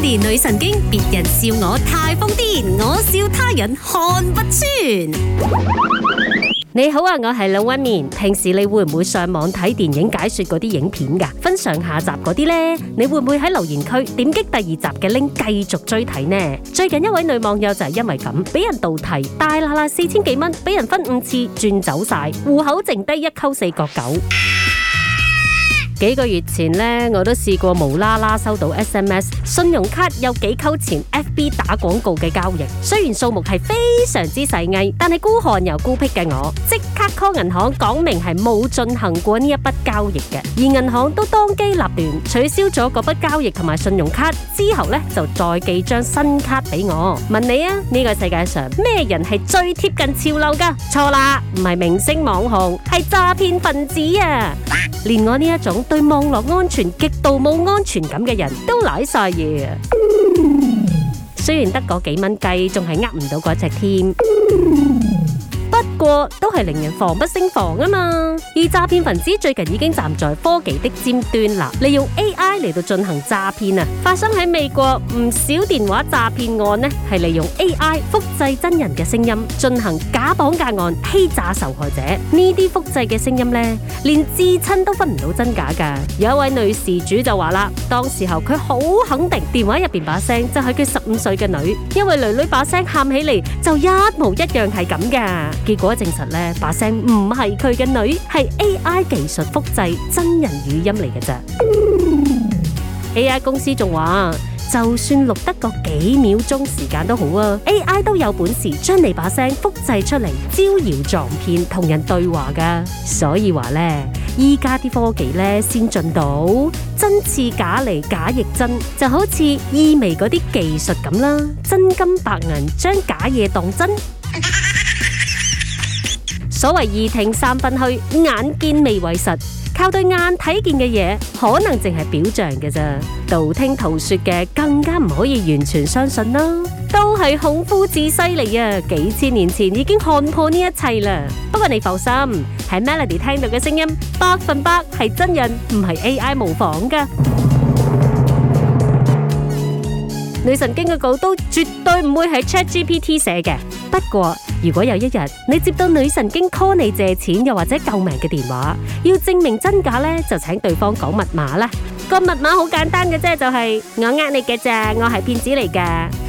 年女神經，別人笑我太瘋癲，我笑他人看不穿。你好啊，我係龍紋敏，平時你會唔會上網睇電影解說嗰啲影片噶？分上下集嗰啲呢，你會唔會喺留言區點擊第二集嘅 link 繼續追睇呢？最近一位女網友就係因為咁，俾人盜提，大辣辣四千幾蚊俾人分五次轉走晒，戶口剩低一溝四角九。幾個月前呢，我都試過無啦啦收到 SMS，信用卡有幾扣錢，FB 打廣告嘅交易。雖然數目係非常之細微，但係孤寒又孤僻嘅我，即刻 call 銀行講明係冇進行過呢一筆交易嘅。而銀行都當機立斷取消咗嗰筆交易同埋信用卡之後呢，就再寄張新卡俾我。問你啊，呢、這個世界上咩人係最貼近潮流㗎？錯啦，唔係明星網紅，係詐騙分子啊！連我呢一種。對網絡安全極度冇安全感嘅人都瀨晒嘢。 雖然得嗰幾蚊雞，仲係呃唔到嗰隻添。 不過都係令人防不勝防啊嘛！而詐騙分子最近已經站在科技的尖端啦，利用 AI 嚟到進行詐騙啊！發生喺美國唔少電話詐騙案呢，係利用 AI 複製真人嘅聲音進行假綁架案，欺詐受害者。呢啲複製嘅聲音呢，連至親都分唔到真假噶。有一位女事主就話啦，當時候佢好肯定電話入邊把聲就係佢十五歲嘅女，因為女女把聲喊起嚟就一模一樣係咁噶。結果證實咧，把聲唔係佢嘅女，係 AI 技術複製真人語音嚟嘅咋。AI 公司仲話，就算錄得個幾秒鐘時間都好啊，AI 都有本事將你把聲複製出嚟招搖撞騙，同人對話噶。所以話呢，依家啲科技呢，先進到真似假嚟，假亦真，就好似意味嗰啲技術咁啦，真金白銀將假嘢當真。 所謂二聽三分虛，眼見未為實，靠對眼睇見嘅嘢可能淨係表象嘅啫，道聽途說嘅更加唔可以完全相信啦。都係孔夫子犀利啊，幾千年前已經看破呢一切啦。不過你放心，喺 Melody 聽到嘅聲音百分百係真人，唔係 AI 模仿噶。女神經嘅稿都絕對唔會係 ChatGPT 寫嘅，不過。如果有一日你接到女神經 call 你借錢又或者救命嘅電話，要證明真假呢，就請對方講密碼啦。 個密碼好簡單嘅啫，就係我呃你嘅啫，我係騙子嚟㗎。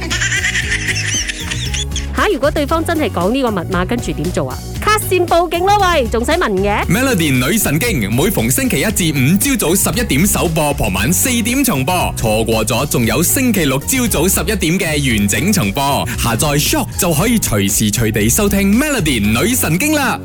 咁如果對方真係講呢個密碼，跟住點做啊？卡線報警咯，喂，仲使問嘅？Melody 女神經每逢星期一至五朝早十一點首播，傍晚四點重播，錯過咗仲有星期六朝早十一點嘅完整重播。下載 Shop 就可以隨時隨地收聽 Melody 女神經啦。